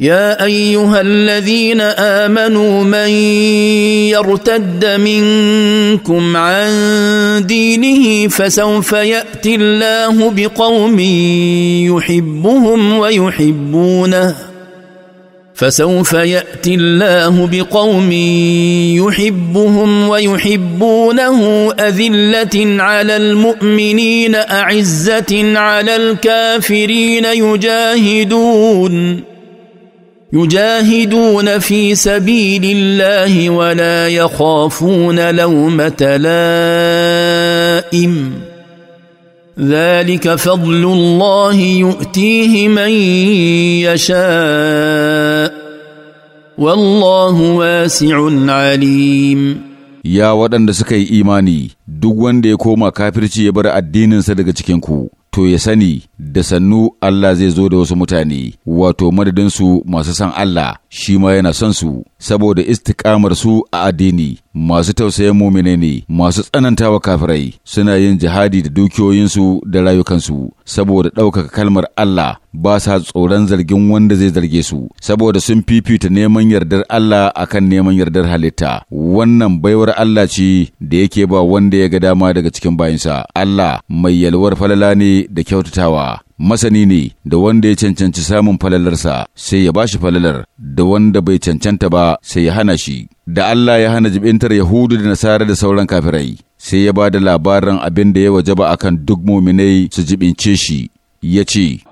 يا ايها الذين امنوا من يرتد منكم عن دينه فسوف ياتي الله بقوم يحبهم ويحبونه فسوف ياتي الله بقوم يحبهم ويحبونه اذله على المؤمنين اعزه على الكافرين يجاهدون يجاهدون في سبيل الله ولا يخافون لومه لائم ذلك فضل الله يؤتيه من يشاء والله واسع عليم ya waɗanda suka yi imani duk wanda ya koma kafirci ya bar addininsa daga cikinku to ya sani da sannu Allah zai zo da wasu mutane, wato madadinsu masu san Allah shi ma yana son su saboda istikamar su a addini masu tausayin mumine ne masu tsanantawa kafirai suna yin jihadi da dukiyoyinsu da rayukansu saboda ɗaukaka kalmar Allah ba sa tsoron zargin wanda zai zarge su saboda sun fifita neman yardar Allah akan neman yardar halitta wannan baiwar Allah ce da yake ba wanda ya ga dama daga cikin bayinsa Allah mai yalwar falala ne da kyautatawa masani ne da wanda ya cancanci samun falalarsa sai ya bashi falalar da wanda bai cancanta ba sai ya hana shi da Allah ya hana jibintar Yahudu da Nasara da sauran kafirai sai ya ba da labarin abin da ya wajaba akan duk muminai su jibince shi ya ce